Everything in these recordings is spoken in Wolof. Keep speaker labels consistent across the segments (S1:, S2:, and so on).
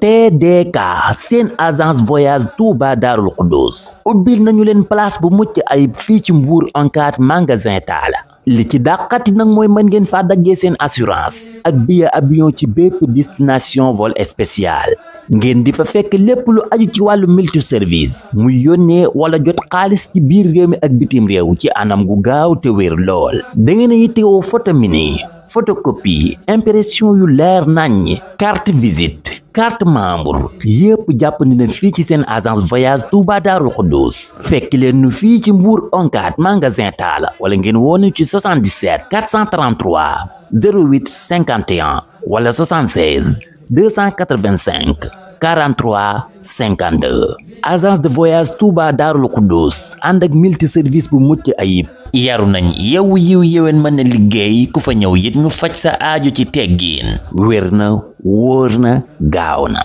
S1: te TDK seen agence voyage Touba Daarul Xuddus ubbil nañu leen place bu mucc ay fii ci Mbuur encare magasin Talla li ci dàqati nag mooy mën ngeen faa daggee seen assurance ak billet avion ci bépp destination vol spécial ngeen di fa fekk lépp lu aju ci wàllu multi service mu yónnee wala jot xaalis ci biir réew mi ak bitim réew ci anam gu gaaw te wér lool da ngeen a yittewoo photo mini photocopie impression yu leer naññ carte visite carte membre yépp jàppandi na fii ci seen agence voyage Touba Daarul Xuddus fekk leen nu fii ci Mbour oncat magasin Talla wala ngeen woonu ci 77 433 08 51 wala 76 285 43 52 agence de voyage Touba Daarul Xuddus ànd ak multi service bu mucc ayib yaru nañ yow yiw yéwén mën na liggéey ku fa ñëw it ñu faj sa aaju ci teggiin wér na wóor gaaw na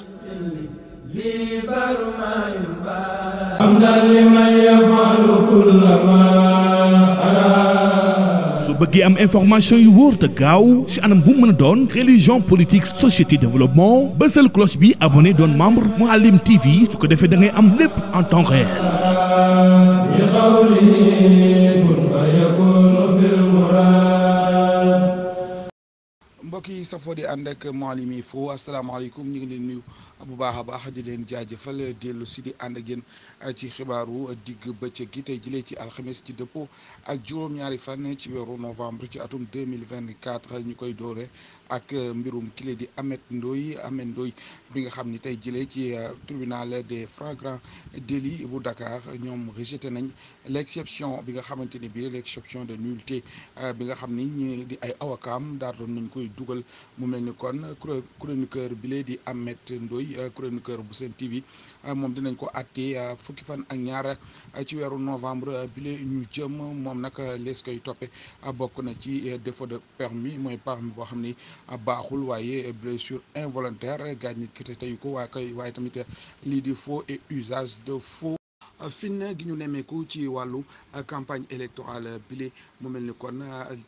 S2: bëggee am information yu wóor te gaaw ci anam bu mu mën a doon religion politique société développement bësal cloche bi abonné doon membre Mouhalim TV su ko defee da am lépp en temps réel
S3: mbokk yi safoo di ànd ak fo Info asalaamaaleykum ñu ngi leen nuyu bu baax a baax di leen jaajëfal dellu si di ànd ak yéen uh, ci xibaaru digg bëccëg gi tey jëlee ci alxames ci dëppoo ak juróom-ñaari fan ci weeru novembre ci atum deux mille vingt quatre ñu koy doore ak euh, mbirum kile di Amet Ndoye Amet Ndoye bi nga xam ni tey jëlee ci euh, tribunal des flagrants délits bu Dakar ñoom rejeté nañ l' exception bi nga xamante ni bii de exception de nullité euh, bi nga xam ni ñi di ay awakaam daar doon nañ koy dugal mu mel ni kon chroniqueur bi lee di Amet Ndoye chroniqueur bu seen TV moom dinañ ko àttee fukki fan ak ñaar ci weeru novembre bi ñu jëm moom nag lees koy toppe a bokk na ci défaut de permis mooy permis boo xam ni baaxul waaye blessure involontaire gaañ nit ki te teyu ko waaye kay waaye tamit lii di faux et usage de faux fin gi ñu nemmeeku ci wàllu campagne électorale bile mu mel ni kon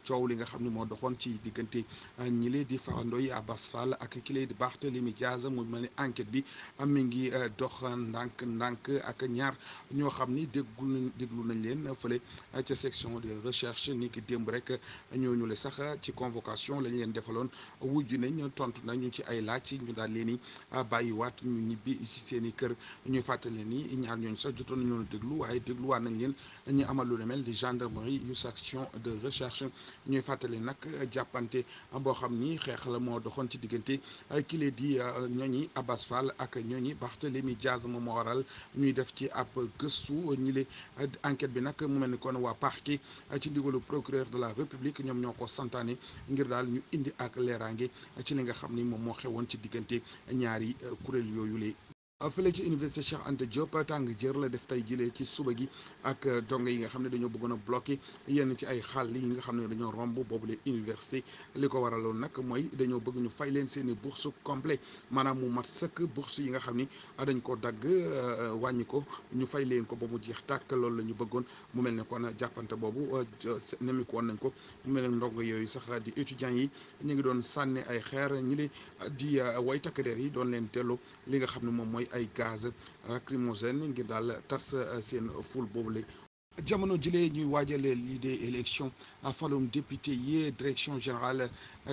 S3: coow li nga xam ne moo doxoon ci diggante ñi ñile di farandoy Abass Fall ak kile di Barthélémy Diaz mu mel ni enquête bi am mi ngi dox ndànk ndànk ak ñaar ñoo xam ni déggul nañ déglu nañ leen fële ca section de recherche ni ki démb rek ñooñu le sax ci convocation lañ leen defaloon wujj nañ tontu nañu ci ay laaj ñu daal leen ni bàyyiwaat ñu ñibbi si seen kër ñu fàttali ni ñaar ñooñu ñoo déglu waaye dégluwaat nañ leen ñu amal lu ne di gendarmerie yu section de recherche ñuy fàttali nag jàppante boo xam ni xeex la moo doxoon ci diggante euh, kile di euh, ñooñi Abbas Fall ak ñooñi Barthélémy Diaz moom moo waral ñuy def ci ab gëstu ñi li euh, enquête bi nag mu mel ni kon waa parquet ci ndigalu procureur de la république ñoom ñoo ko santaane ngir daal ñu indi ak leeraange ci li nga xam ni moom moo xewoon ci diggante ñaari kuréel yooyu le Ah, fële ci université Cheikh Anta Diop tàng jër la def tey jëlee ci suba gi ak euh, dongo yi nga xam ne dañoo bëggoon a bloqué yenn ci ay xàll yi nga xam ne dañoo romb boobu boobule université li ko waraloon nag mooy dañoo bëgg ñu fay leen seen i bourse complet maanaam mu mat sëkk bourse yi nga xam ni dañ ko dagg euh, wàññi ko ñu fay leen ko ba mu jeex tàkk loolu la ñu bëggoon mu mel ne kon jàppante boobu euh, nemi ko woon nañ ko mu mel ne ndongo yooyu sax di étudiants yi ñu ngi doon sànni ay xeer ñi li di way takk der yi doon leen dellu li nga xam ne moom mooy ay gaz lacrymogène ngir daal tas euh, seen foule boobule jamono jilee ñuy waajale lii des élections falum député yi direction générale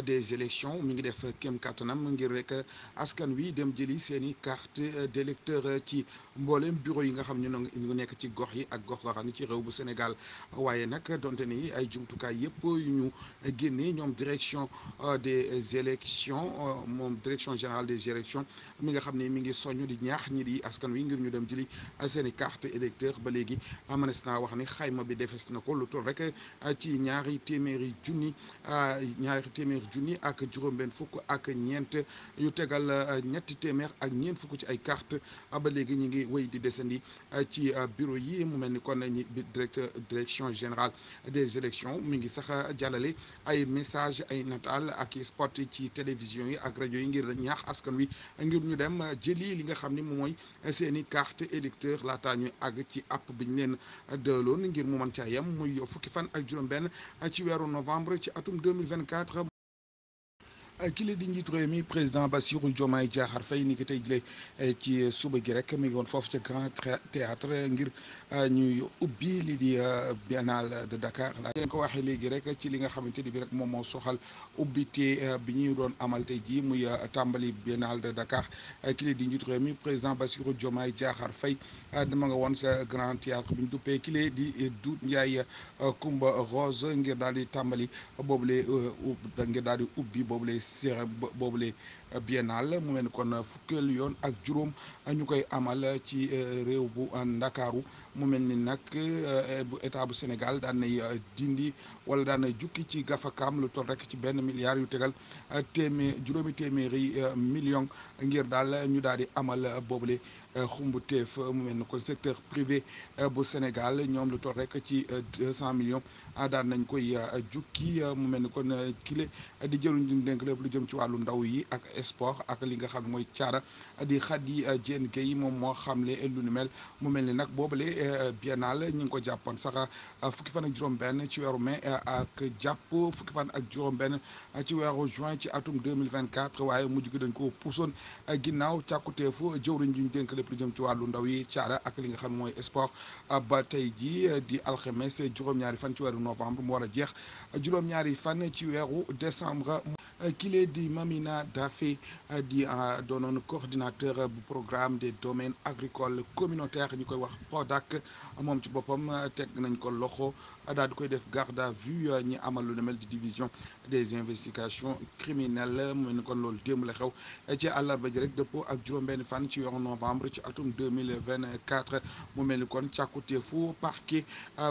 S3: des élections mi ngi def kem kattanam ngir rek askan wi dem jëli seen i carte d'électeur ci mboolem bureau yi nga xam ni ne ñu nekk ci gox yi ak gox goxaan ci réew bu Sénégal waaye nag donte ni ay jumtukaay yëpp yu ñu génnee ñoom direction des élections moom direction générale des élections mi nga xam ne mi ngi soññ di ñaax ñi di askan wi ngir ñu dem jëli seeni i carte ba léegi wax ni xayma bi defes na ko lu toll rek ah, ci ñaari téeméeri junni ah, ñaari téeméeri junni ak juróom-benn fukk ak ñeent yu tegal ah, ñetti téeméer ak ñeent fukk ci ay carte ba léegi ñu ngi wéy di desandi ci bureau yi mu mel ni kon ñi directeur direction général des élections mi ngi sax jàllale ay message ay nataal ak spot ci télévision yi ak rajo yi ngir ñaax askan wi ngir ñu dem jëli li nga xam ni moom mooy seeni carte électeur laataa ñu àgg ci app bi ñu leen dëgmaloon ngir mu mën caa yem muy fukki fan ak juróom weeru novembre ci atum Euh, kii di njiitu réew mi président Bassirou Diomaye Diakhar Faye ni ki tey jile euh, ci suba gi rek mi ngi woon foofu ca Grand Théâtre ngir euh, ñuy ubbi li di biennale de Dakar la leen ko waxee léegi rek ci li nga xamante ni bi rek moom moo soxal ubbite bi ñuy doon amal tey jii muy tàmbali biennale de Dakar kii la di njiitu réew mi président Bassirou Diomaye Diakhar Faye dama nga woon sa Grand Théâtre bi ñu duppee kii di du Ndiaye Coumba Rose ngir daal di tàmbali boobule ngir daal ubbi boobule sira boobule euh, biennale mu mel ni kon fukkeelu yoon ak juróom ñu koy amal ci euh, réew bu ndakaaru mu mel ni nag euh, bu état bu Sénégal daan nay dindi wala daan jukki ci gafakaam lu toll rek ci benn milliard yu tegal téeméer juróomi téeméeri million ngir daal ñu daal di amal boobule xumbu mu mel ni kon secteur privé bu Sénégal ñoom lu toll rek ci deux cent millions daan nañ koy jukki mu mel ni kon kile di jëruñ di lu jëm ci wàllu ndaw yi ak sport ak li nga xam ne mooy caada di Khady Diène Gaye moom moo xamle lu ni mel mu mel ni nag boobale eh, biennale ñu ngi ko jàppoon sax eh, fukki fan ak juróom-benn ci weeru mai eh, ak jàpp fukki fan ak juróom-benn ci weeru juin ci atum 2024 waaye mujj gi dañ ko puusoon ginnaaw càkkuteefu jëwriñ ñu dénk lépp lu jëm ci wàllu ndaw yi caada ak li nga xam mooy sport ba tey jii di alxemes juróom-ñaari fan ci weeru novembre mu war a jeex juróom kii lee di Mamina Daffé euh, di euh, doonoon coordinateur euh, bu programme des domaines agricoles communautaires ñu koy wax PRODAC moom ci boppam teg nañ ko loxo daal di koy def garde à vue ñi amal lu ne mel di division des investigations criminelles mu ne kon loolu démb la xew ci àllarba ji rek dëppoo ak juróom-benn fan ci yoon novembre ci atum deux mille vingt quatre mu mel ni kon càkkutéefu parquet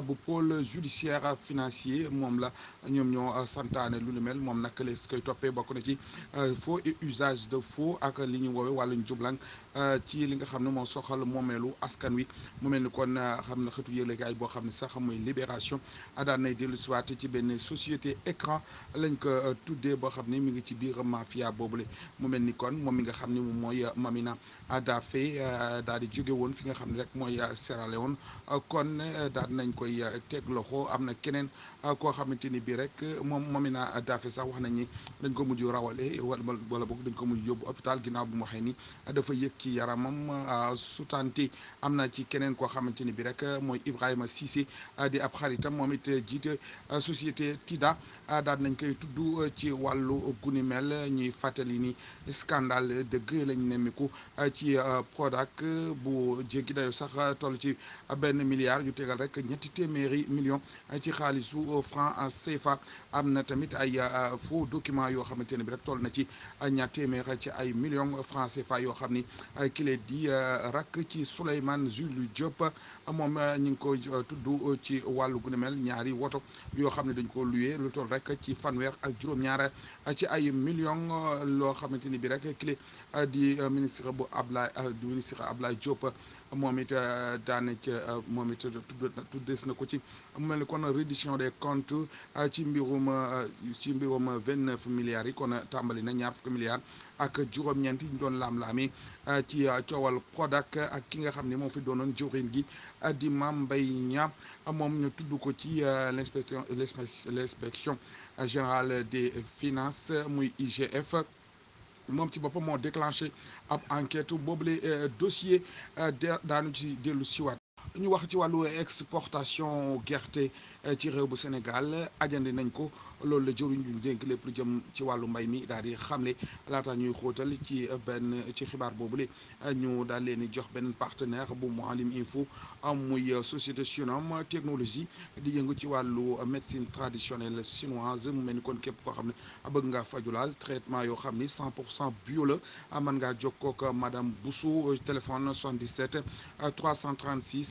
S3: bu pôle judiciaire financier moom la ñoom ñoo santaane lu ne mel moom nag les koy topp. jàppee bokk na ci euh, foo et usage de faux ak li ñu woowee wàllu njublang euh, ci li nga xam ne moo soxal moomeelu askan wi mu mel ni kon euh, xam na xëtu yëglekaay boo xam ne sax mooy libération daan nay dellu siwaat ci benn société écran lañ ko tuddee boo xam ne mi ngi ci biir mafia boobule mu mel ni kon moom mi nga xam ne moom mooy Mamina Daffé daal di jóge woon fi nga xam ne rek mooy Sierra Leone kon daal nañ koy teg loxo am na keneen koo xamante ni bii rek moom Mamina Daffé sax wax nañ dañ ko mujj rawale wala boog dañ ko mujj yóbbu hôpital ginnaaw bu mu waxee ni ci yaramam ah, sutante am na ci keneen koo xamante ni bi rek mooy Ibrahima Cissé ah, di ab xaritam moom it jiite ah, société Tida daal nañ koy tudd ci wàllu guni mel ñuy fàttali ni scandale dëgg lañ nemmiku ci Prodac bu jéggi dayo sax toll ci benn milliard yu tegal rek ñetti téeméeri million ci xaalisu franc CFA am na tamit ay faux document yoo xamante ne bi rek toll na ci ñaar téeméer ci ay million francs CFA yoo xam ni ki lee di euh, rakk ci Souleymane lu Diop moom euh, ñu ngi ko euh, tudd ci wàllu gu mel ñaari woto yoo xam ne dañ ko luyee lu tol rek ci fanweer ak juróom-ñaar ci ay millions loo xamante ni bi rek ki di ministre bu Ablaye di ministre Ablaye Diop. moom it euh, daanaka euh, moom it euh, tuddees na ko ci mu mel kon reddition des comptes ci mbirum ci mbirum vingt neuf milliards yi kon tàmbali na ñaar fukki milliards ak juróom-ñeent yi ñu doon laam-laami ci coowal Prodac ak ki nga xam ni moom fi doon noon jawriñ gi di Mame Mbaye Niang moom ñu tudd ko ci l' inspection l' inspection générale des finances muy IGF. moom ci boppam moo déclenché ab enquête boobule euh, dossier euh, daañu ci dellu ñu wax ci wàllu exportation gerte eh, ci réew bu Sénégal ajandi nañ ko loolu la jëriñ ñu dénk lépp lu jëm ci wàllu mbay mi daal di xamle laata ñuy xóotal ci benn ci xibaar boobu boobule eh, ñu daal leen di jox benn partenaire bu Mouhalim Info eh, muy société Shinam technologie di yëngu ci wàllu médecine traditionnelle chinoise mu mel kon képp koo xam ne bëgg ngaa fajulaal traitement yoo xam ni 100 pour cent bio la mën ngaa jokkoo ak madame Bousso téléphone 77 336.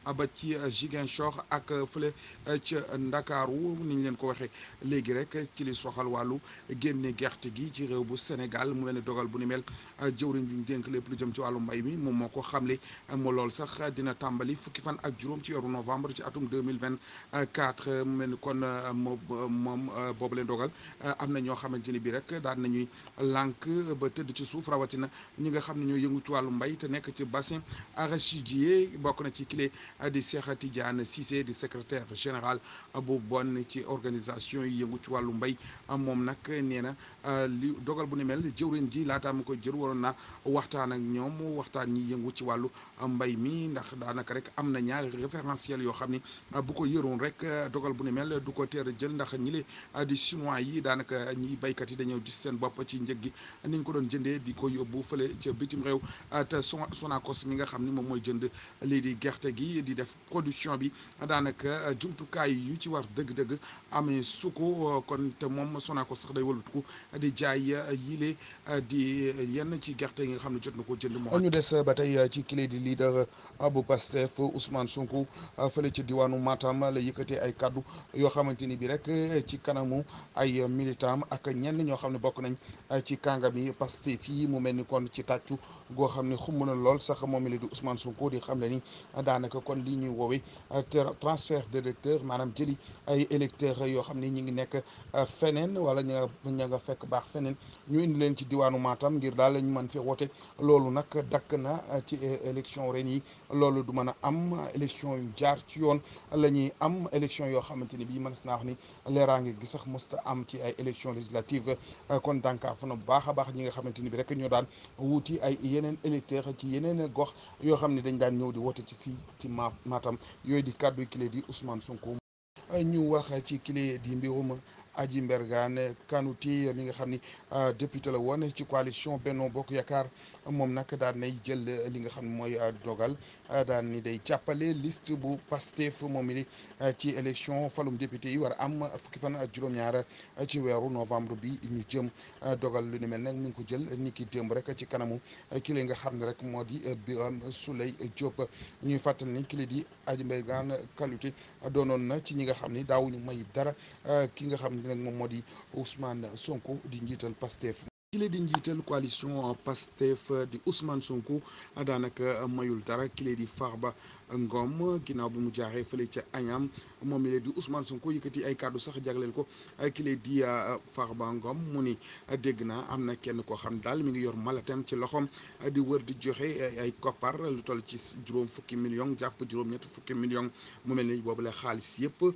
S3: ba ci euh, Ziguinchor ak euh, fële euh, ca Ndakaaru niñ leen ko waxee léegi rek ci li soxal wàllu génne gerte gi ci réew bu Sénégal mu mel ni dogal bu ni mel jëw jëwriñ juñ dénk lépp lu jëm ci wàllu mbay mi moom moo ko xamle mu lool sax dina tàmbali fukki fan ak juróom ci yoru novembre ci atum 2024 mu mel ni kon moom moom boobu leen dogal am na ñoo xamante ni bi rek daan nañuy lànk ba tëdd ci suuf rawatina ñi nga xam ne ñoo yëngu ci wàllu mbay te nekk ci bassin arachidier bokk na ci clé di Cheikh Tidiane Cissé di secrétaire général bu bonn ci organisation yi yëngu ci wàllu mbay moom nag nee na euh, li dogal bu ne mel jëwrin ji laataa ma ko jër waroon na waxtaan ak ñoom waxtaan ñi yëngu ci wàllu mbay mi ndax daanaka rek am na ñaar référentiel yoo xam ni bu ko yëroon rek dogal bu ne mel du ko teer a jël ndax ñi le di chinois yi daanaka ñi baykat yi dañoo gis seen bopp ci njëg gi ni ñu ko doon jëndee di ko yóbbu fële ca bitim réew te Sonacos mi nga xam ni moom mooy jënd lii di gi di def production bi daanaka euh, jumtukaay yu ci war dëgg-dëgg amee su ko euh, kon te moom ko sax day wëlbatiku di jaay euh, yile di yenn ci gerte yi nga xam ne jot na ko jënd moo ñu des ba tey ci clé di leader bu Pastef Ousmane Sonko fële ci diwaanu Matam la yëkkatee ay kaddu yoo xamante ni bi rek ci kanamu ay militam ak ñenn ñoo xam ne bokk nañ ci kàngami Pastef yi mu mel ni kon ci tàccu goo xam ne xumb na lool sax moom la di Ousmane Sonko di xam ne ni daanaka kon li ñuy woowee euh, transfert d'électeurs maanaam jëli ay électeurs yoo xam ne ñi ngi nekk euh, feneen wala ña nga ña nga fekk baax feneen ñu indi leen ci diwaanu maatam ngir daal la ñu mën fi woote loolu nag dakk na euh, ci élection ren yi loolu du mën a am élection yu jaar ci yoon la ñuy am élection yoo xamante ni bii mën naa wax ni leeraange gi sax mësta am ci ay élection législative kon dànkaafu na bu baax a baax ñi nga xamante ni bi rek ñoo daan wuuti ay yeneen électeurs ci yeneen gox yoo xam ne dañ Matam yooyu di kàddu kile di Ousmane Sonko. ñu wax ci kile di mbirum aji Mbergane Kanouté li nga xam ni député la woon ci coalition Benno Bokk Yaakaar moom nag daal nay jël li nga xam mooy dogal Euh, daal ni day jàppale liste bu fu moom it euh, ci élection falum député yi war a am fukki fan ak juróom-ñaar euh, ci weeru novembre bi ñu jëm dogal lu ni mel nag mi ngi ko jël ni ki démb rek ci kanamu ki li nga xam ne rek moo di Birame Souleye Diop ñuy fàttali ni ki di Adji Mbaye Gane Kanouté doonoon na ci ñi nga xam ni daawuñu may dara ki nga xam ne nag moom moo di Ousmane Sonko di njiital Pastef kile di njiital coalition Pastef di Ousmane Sonko daanaka mayul dara kile di Farba ngoom ginnaaw bi mu jaaxee fële ca añam moom la di Ousmane Sonko yëkkati ay kàddu sax jagleel ko kile di uh, ba ngoom mu ni dégg naa am na kenn koo xam daal mi ngi yor malatam ci loxoom di wër di joxe uh, ay koppar lu toll ci juróom fukki million jàpp juróom-ñett million mu mel ni boobu la xaalis yëpp uh,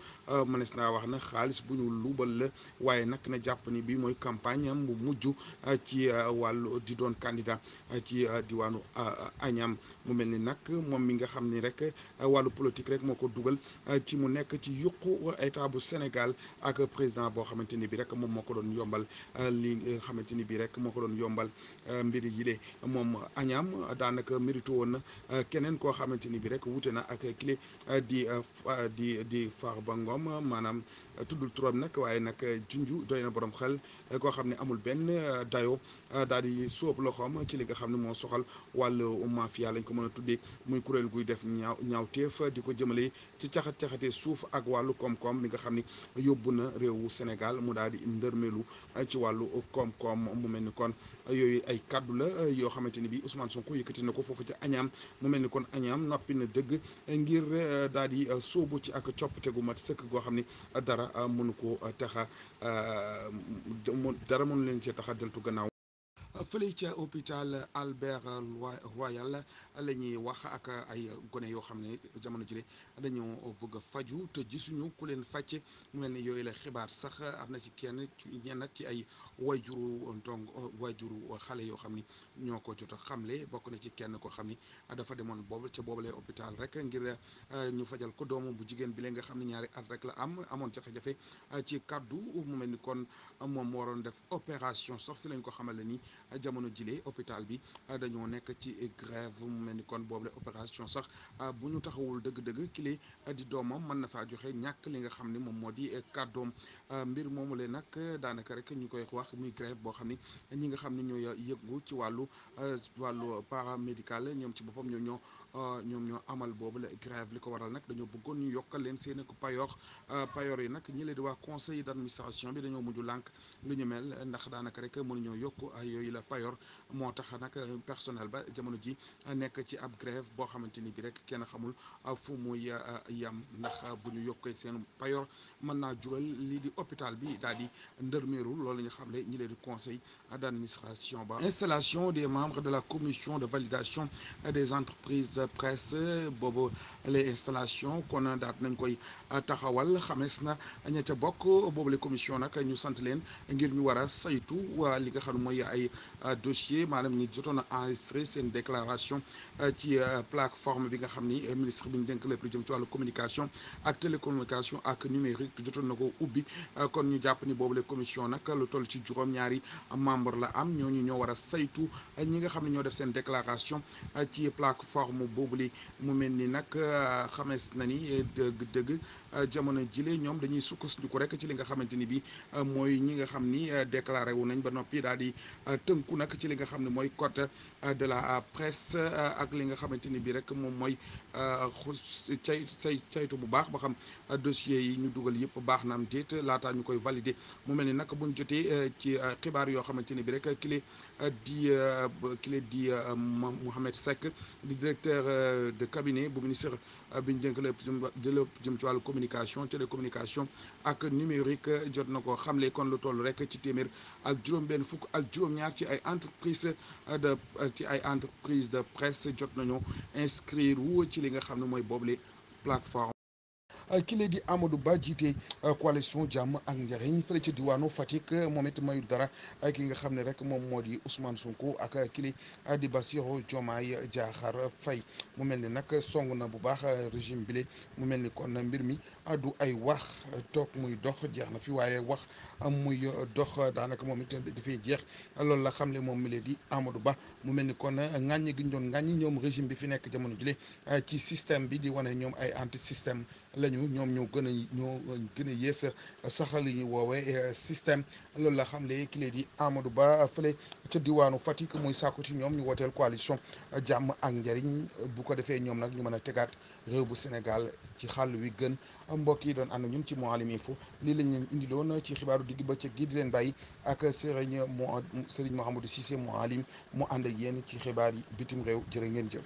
S3: mënees naa wax na xaalis bu ñu lubal la waaye nag na jàpp ni bi mooy campagne bu mujj. Euh, ci euh, wàllu di doon candidat euh, ci diwaanu Agnam mu mel ni nag moom mi nga xam ni rek wàllu politique rek moo ko dugal ci mu nekk ci yuqu état bu Sénégal ak président boo xamante ni bi rek moom moo ko doon yombal li nga ni bi rek moo ko doon yombal mbiri yi de moom Agnam daanaka mérité woon na keneen koo xamante ni bi rek wute na ak clé di di di Farba Ngom maanaam tuddul turam nag waaye nag junju doy na borom xel koo xam ne amul benn. dayoo euh, daal di sóob loxoom ci ne moo soxal wàllu mafia lañ ko mën a tuddee muy kuréel guy def ñaaw ñaawteef di ko jëmale ci caxat caxatee suuf ak wàllu koom-koom li nga xam ni yóbbu na réewu Sénégal mu daal di ndërmelu euh, ci wàllu koom-koom mu mel ni kon euh, yooyu ay kaddu la yoo xamante ni bi Ousmane Sonko na ko foofu ci mu mel ni kon añaam noppi na dëgg ngir di sóobu ci ak coppite gu mat sëkk goo xam ni dara mënu ko taxa dara mënu leen taxa deltu gannaaw fële ca hôpital Albert Royal la ñuy wax ak ay gone yoo xam ne jamono jile dañoo bëgg a faju te suñu ku leen fàcce mu mel ni yooyu la xibaar sax am na ci kenn ñenn ci ay wayjuru ndong wayjuru xale yoo xam ni ñoo ko jot a xam le bokk na ci kenn koo xam ni dafa demoon boobu ca boobule hôpital rek ngir eh, ñu fajal ko doomam bu jigéen bi lee nga xam ne ñaari at rek la am amoon jafe-jafe eh, ci kaddu mu mel ni kon moom waroon def opération sax si lañ ko xamale ni jamono jile hôpital bi dañoo nekk ci grève mu mel ni kon boobu la opération sax bu ñu taxawul dëgg-dëgg kile di doomam mën na faa joxe ñàkk li nga xam ne moom moo di kàddoom mbir moomu le nag daanaka rek ñu koy wax muy grève boo xam ni ñi nga xam ne ñoo yëgu ci wàllu wàllu paramédical ñoom ci boppam ñoom ñoo ñoom ñoo amal boobu la grève li ko waral nag dañoo bëggoon ñu yokkal leen seen ak payoor payoor yi nag ñi leen di wax conseil d'administration bi dañoo mujj lànk lu ñu mel ndax daanaka rek mënuñoo yokk yooyu la moo tax nag euh, personnel ba jamono ji nekk ci ab grève boo xamante ni bi rek kenn xamul euh, fu muy euh, yam ndax bu ñu yokkee seen payor mën naa jural li di hôpital bi daal di ndërmeeru loolu ñu xam ne ñi leen di conseil d'administration ba installation de membres de la commission de validation des entreprises de presse boobu les installations kon daat nañ koy taxawal xamees na ña bokk boobu les commission nag ñu sant leen ngir ñu war saytu li Euh, dossier maanaam ñi jotoon na enregistré seen déclaration euh, ci euh, plateforme bi nga xam ni ministre bi ñu dénk lépp lu jëm ci wàllu communication ak télécommunication ak numérique jotoon na ko ubbi kon ñu jàpp ni boobu la commission nag lu toll ci juróom-ñaari membre la am ñooñu ñoo war a saytu ñi nga xam ne ñoo def seen déclaration ci plateforme boobu li mu mel ni nag xamees na ni dëgg-dëgg jamono jile ñoom dañuy sukkandiku rek ci li nga xamante ni bi mooy ñi nga xam ni déclaré wu nañ ba noppi daal di tënku nag ci li nga xam ne mooy code euh, de la euh, presse euh, ak li nga xamante ni bii rek moom mooy cay say caytu bu baax ba xam dossier yi ñu dugal yëpp baax naam am déet laataa ñu koy valider mu mel ni nag buñ jotee ci xibaar yoo xamante ni bii rek kile di kile di Mouhamed Seck di directeur de cabinet bu ministre bi ñu dénk lépp jëm jëm ci wàllu communication télécommunication ak numérique jot na ko xamle kon lu toll rek ci téeméer ak juróom-benn fukk ak juróom-ñaar ci ci ay entreprise euh, euh, ci ay entreprise de presse jot nañu inscrire wu ci li nga xam ne mooy boobule plateforme Euh, ki lay di Amadou Ba jiite euh, coalition jàmm ak njariñ fële ca diwaanu Fatick euh, moom it mayul dara ki nga xam ne rek moom moo di Ousmane Sonko ak ki lay di Bassirou Diomaye Diakhar fay mu mel ni nag song na bu baax régime bi le mu mel ni kon mbir mi du ay wax toog muy dox jeex na fi waaye wax muy dox daanaka moom it dafay jeex loolu la xam ne moom mi leen di mu mel ni kon ŋàññi gi ñu doon ŋàññi ñoom régime bi fi nekk jamono jile ci système bi di wane ñoom ay anti système lañu ñooñu ñoom ñoo gën a ñoo gën a yées sax li ñu woowee eh, système loolu la xam le kile di Amadou Ba fële ca diwaanu Fatick muy sàkku ci ñoom ñu wooteel coalition jàmm ak njariñ bu ko defee ñoom nag ñu mën a tegaat réew bu Sénégal ci xàll wi gën mbokk yi doon ànd ñun ci Mouhalim Info lii lañ leen indiloon ci xibaaru digg bëccëg gi di leen bàyyi ak Serigne mo Serigne Mouhamadou Cissé Mouhalim mu ànd ak ci xibaar yi bitim réew jërë ngeen jëf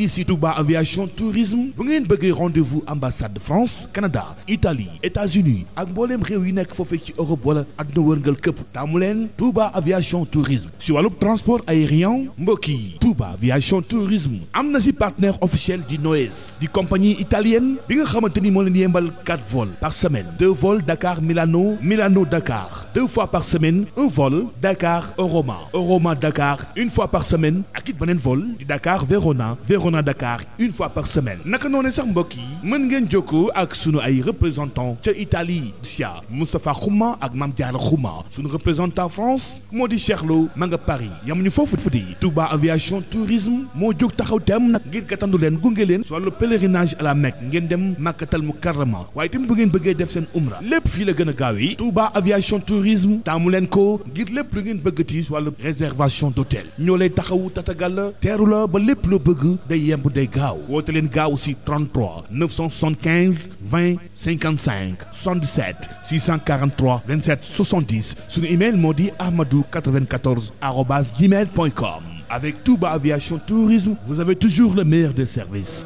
S2: fii si Touba aviation tourisme bu ngeen bëggee rendez-vous ambassade de France Canada Italie États-Unis ak mbooleem réew yi nekk foofee ci Europe wala àdduna wërngal këpp taamu leen Touba aviation tourisme si wàllub transport aérien mbokk yi aviation tourisme am na si partenaire officiel di Noes di compagnie italienne bi nga xamante ni moo leen yembal quatre vols par semaine deux vols Dakar Milano Milano Dakar deux fois par semaine un vol Dakar Roma Roma Dakar une par semaine ñëw na Dakar une fois par semaine naka noonu sax mbokk yi mën ngeen jokkoo ak sunu ay représentant ca Italie sia Moustapha Xuma ak Mame Diarra Xuma sunu représentant France moo di Cheikh Lo ma nga Paris yamuñu foofu di Touba aviation tourisme moo jóg taxaw teem nag ngir katandu leen gunge leen si wàllu pèlerinage à la Mecque ngeen dem Makkatal Mukarrama waaye tamit bu ngeen bëggee def seen umra lépp fii la gën a gaawee Touba aviation tourisme taamu leen ko ngir lépp lu ngeen bëggati si wàllu yemb day gaaw woote leen gaaw si 33 975 20 55 77 643 27 70 suñu email moo di ahmadou 94 arobase gmail point com avec Touba Aviation Tourisme vous avez toujours le meilleur des services.